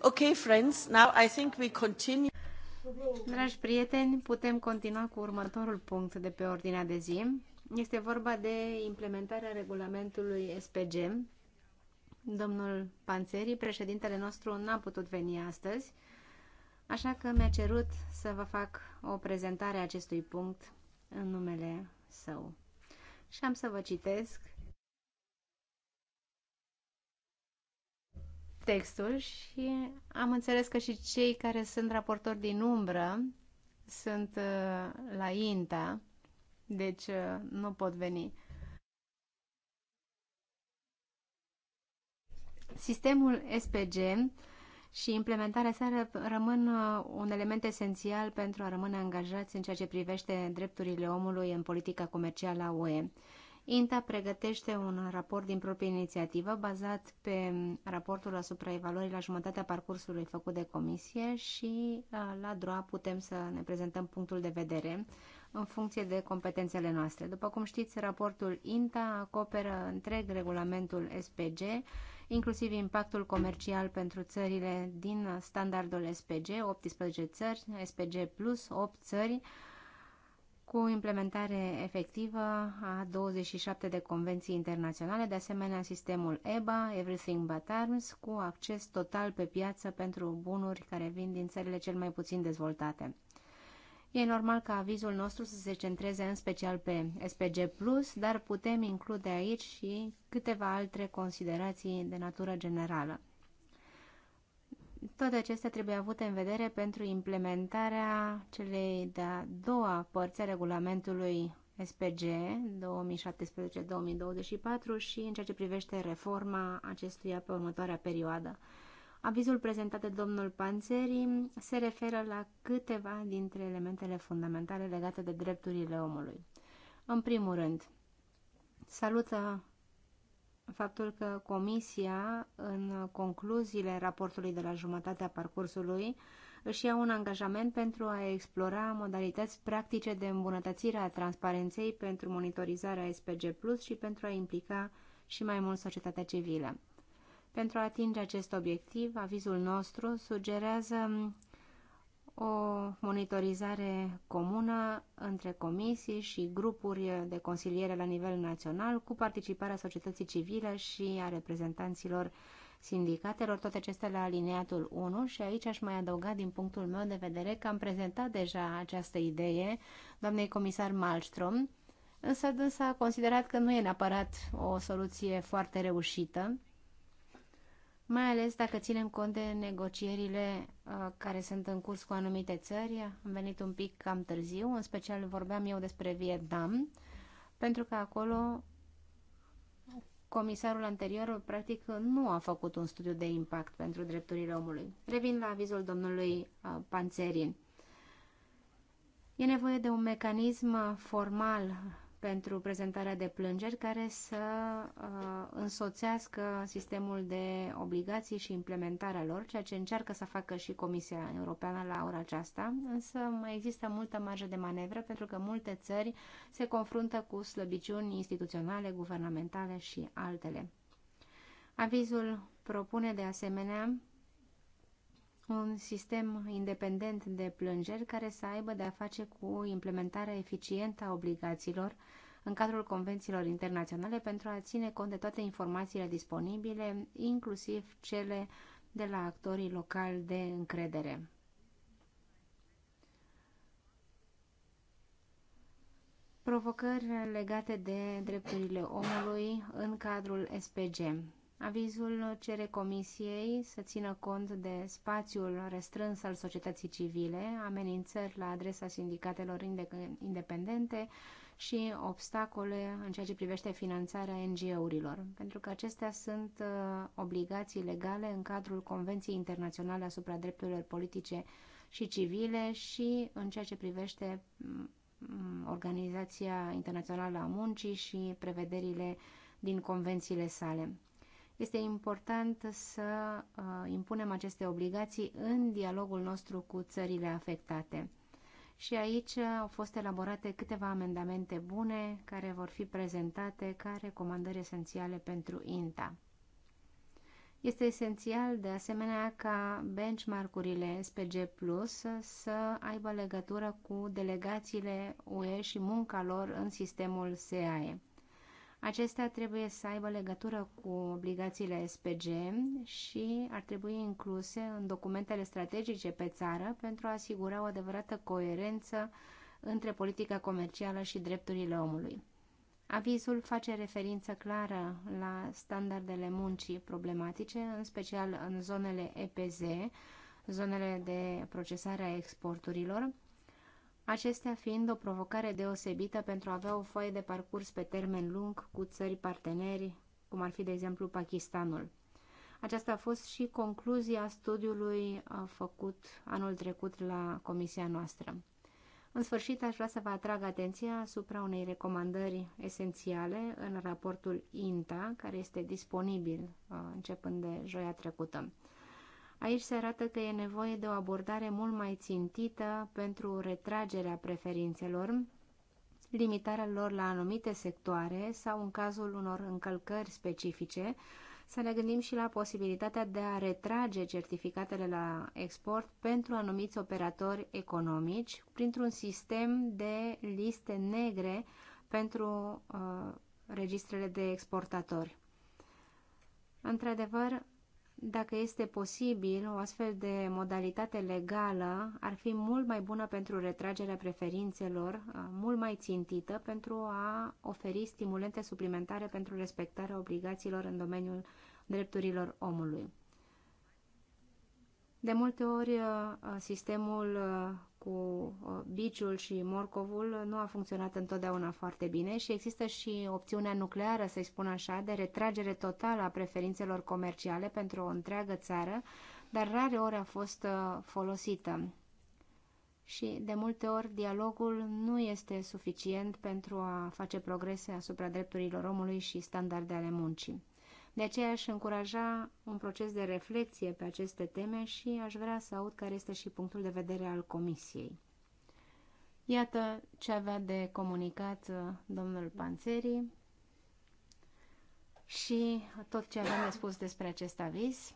Ok, friends, now I think we continue. Dragi prieteni, putem continua cu următorul punct de pe ordinea de zi. Este vorba de implementarea regulamentului SPG. Domnul Panțeri, președintele nostru, n-a putut veni astăzi, așa că mi-a cerut să vă fac o prezentare a acestui punct în numele său. Și am să vă citesc textul și am înțeles că și cei care sunt raportori din umbră sunt uh, la INTA, deci uh, nu pot veni. Sistemul SPG și implementarea sa rămân uh, un element esențial pentru a rămâne angajați în ceea ce privește drepturile omului în politica comercială a UE. INTA pregătește un raport din proprie inițiativă bazat pe raportul asupra evaluării la jumătatea parcursului făcut de comisie și uh, la DROA putem să ne prezentăm punctul de vedere în funcție de competențele noastre. După cum știți, raportul INTA acoperă întreg regulamentul SPG, inclusiv impactul comercial pentru țările din standardul SPG, 18 țări, SPG plus 8 țări, cu implementare efectivă a 27 de convenții internaționale, de asemenea sistemul EBA, Everything But Arms, cu acces total pe piață pentru bunuri care vin din țările cel mai puțin dezvoltate. E normal ca avizul nostru să se centreze în special pe SPG+, dar putem include aici și câteva alte considerații de natură generală toate acestea trebuie avute în vedere pentru implementarea celei de-a doua părți a regulamentului SPG 2017-2024 și în ceea ce privește reforma acestuia pe următoarea perioadă. Avizul prezentat de domnul Panțeri se referă la câteva dintre elementele fundamentale legate de drepturile omului. În primul rând, salută faptul că Comisia, în concluziile raportului de la jumătatea parcursului, își ia un angajament pentru a explora modalități practice de îmbunătățire a transparenței pentru monitorizarea SPG Plus și pentru a implica și mai mult societatea civilă. Pentru a atinge acest obiectiv, avizul nostru sugerează o monitorizare comună între comisii și grupuri de consiliere la nivel național cu participarea societății civile și a reprezentanților sindicatelor, toate acestea la alineatul 1 și aici aș mai adăuga din punctul meu de vedere că am prezentat deja această idee doamnei comisar Malmström, însă dânsa a considerat că nu e neapărat o soluție foarte reușită mai ales dacă ținem cont de negocierile uh, care sunt în curs cu anumite țări. Am venit un pic cam târziu, în special vorbeam eu despre Vietnam, pentru că acolo comisarul anterior practic nu a făcut un studiu de impact pentru drepturile omului. Revin la avizul domnului uh, Panțerin. E nevoie de un mecanism formal pentru prezentarea de plângeri care să uh, însoțească sistemul de obligații și implementarea lor, ceea ce încearcă să facă și Comisia Europeană la ora aceasta, însă mai există multă marjă de manevră pentru că multe țări se confruntă cu slăbiciuni instituționale, guvernamentale și altele. Avizul propune de asemenea un sistem independent de plângeri care să aibă de a face cu implementarea eficientă a obligațiilor în cadrul convențiilor internaționale pentru a ține cont de toate informațiile disponibile, inclusiv cele de la actorii locali de încredere. Provocări legate de drepturile omului în cadrul SPG. Avizul cere Comisiei să țină cont de spațiul restrâns al societății civile, amenințări la adresa sindicatelor independente și obstacole în ceea ce privește finanțarea NGO-urilor, pentru că acestea sunt uh, obligații legale în cadrul Convenției Internaționale asupra drepturilor politice și civile și în ceea ce privește mm, Organizația Internațională a Muncii și prevederile din convențiile sale. Este important să uh, impunem aceste obligații în dialogul nostru cu țările afectate. Și aici uh, au fost elaborate câteva amendamente bune care vor fi prezentate ca recomandări esențiale pentru INTA. Este esențial, de asemenea, ca benchmark-urile SPG Plus să aibă legătură cu delegațiile UE și munca lor în sistemul SEAE. Acestea trebuie să aibă legătură cu obligațiile SPG și ar trebui incluse în documentele strategice pe țară pentru a asigura o adevărată coerență între politica comercială și drepturile omului. Avizul face referință clară la standardele muncii problematice, în special în zonele EPZ, zonele de procesare a exporturilor, acestea fiind o provocare deosebită pentru a avea o foaie de parcurs pe termen lung cu țări parteneri, cum ar fi, de exemplu, Pakistanul. Aceasta a fost și concluzia studiului uh, făcut anul trecut la comisia noastră. În sfârșit, aș vrea să vă atrag atenția asupra unei recomandări esențiale în raportul INTA, care este disponibil uh, începând de joia trecută. Aici se arată că e nevoie de o abordare mult mai țintită pentru retragerea preferințelor, limitarea lor la anumite sectoare sau în cazul unor încălcări specifice, să ne gândim și la posibilitatea de a retrage certificatele la export pentru anumiți operatori economici printr-un sistem de liste negre pentru uh, registrele de exportatori. Într-adevăr, dacă este posibil, o astfel de modalitate legală ar fi mult mai bună pentru retragerea preferințelor, mult mai țintită pentru a oferi stimulente suplimentare pentru respectarea obligațiilor în domeniul drepturilor omului. De multe ori, sistemul cu uh, biciul și morcovul nu a funcționat întotdeauna foarte bine și există și opțiunea nucleară, să-i spun așa, de retragere totală a preferințelor comerciale pentru o întreagă țară, dar rare ori a fost uh, folosită. Și de multe ori dialogul nu este suficient pentru a face progrese asupra drepturilor omului și standarde ale muncii. De aceea aș încuraja un proces de reflexie pe aceste teme și aș vrea să aud care este și punctul de vedere al Comisiei. Iată ce avea de comunicat uh, domnul Panțeri și tot ce aveam de spus despre acest aviz.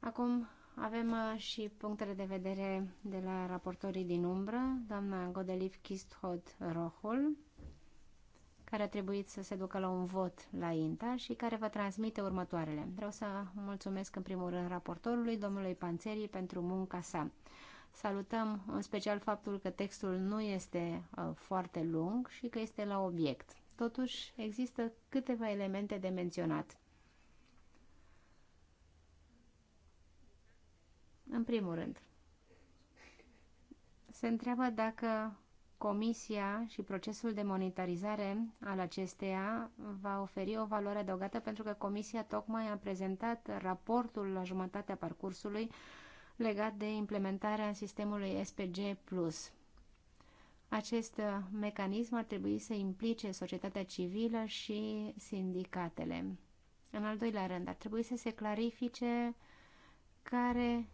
Acum avem uh, și punctele de vedere de la raportorii din umbră, doamna Godelif Kisthod rohul care a trebuit să se ducă la un vot la INTA și care vă transmite următoarele. Vreau să mulțumesc în primul rând raportorului, domnului Panțerii, pentru munca sa. Salutăm în special faptul că textul nu este uh, foarte lung și că este la obiect. Totuși, există câteva elemente de menționat. În primul rând, se întreabă dacă Comisia și procesul de monetarizare al acesteia va oferi o valoare adăugată pentru că Comisia tocmai a prezentat raportul la jumătatea parcursului legat de implementarea sistemului SPG+. Acest mecanism ar trebui să implice societatea civilă și sindicatele. În al doilea rând, ar trebui să se clarifice care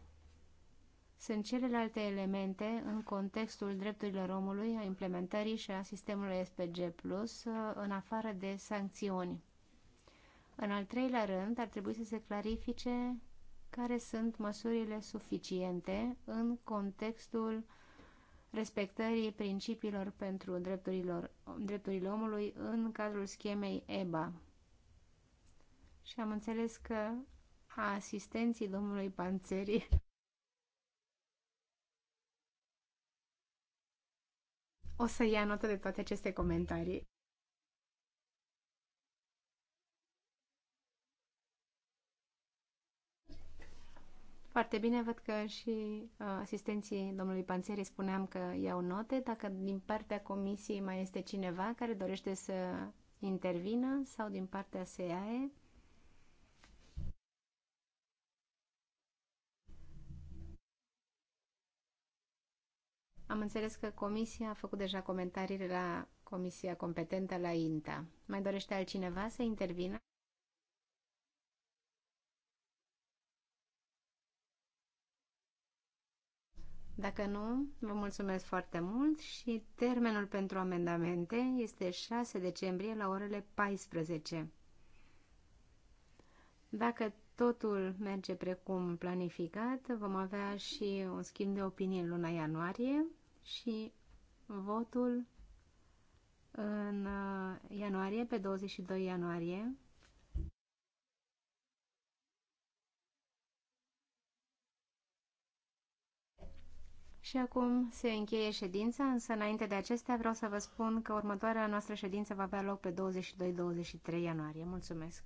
sunt celelalte elemente în contextul drepturilor omului, a implementării și a sistemului SPG+, uh, în afară de sancțiuni. În al treilea rând, ar trebui să se clarifice care sunt măsurile suficiente în contextul respectării principiilor pentru drepturilor, drepturile omului în cadrul schemei EBA. Și am înțeles că asistenții domnului Panțeri o să ia notă de toate aceste comentarii. Foarte bine, văd că și uh, asistenții domnului Panțeri spuneam că iau note. Dacă din partea comisiei mai este cineva care dorește să intervină sau din partea SEAE, Am înțeles că comisia a făcut deja comentarii la comisia competentă la INTA. Mai dorește altcineva să intervină? Dacă nu, vă mulțumesc foarte mult și termenul pentru amendamente este 6 decembrie la orele 14. Dacă totul merge precum planificat, vom avea și un schimb de opinie în luna ianuarie și votul în uh, ianuarie, pe 22 ianuarie. Și acum se încheie ședința, însă înainte de acestea vreau să vă spun că următoarea noastră ședință va avea loc pe 22-23 ianuarie. Mulțumesc!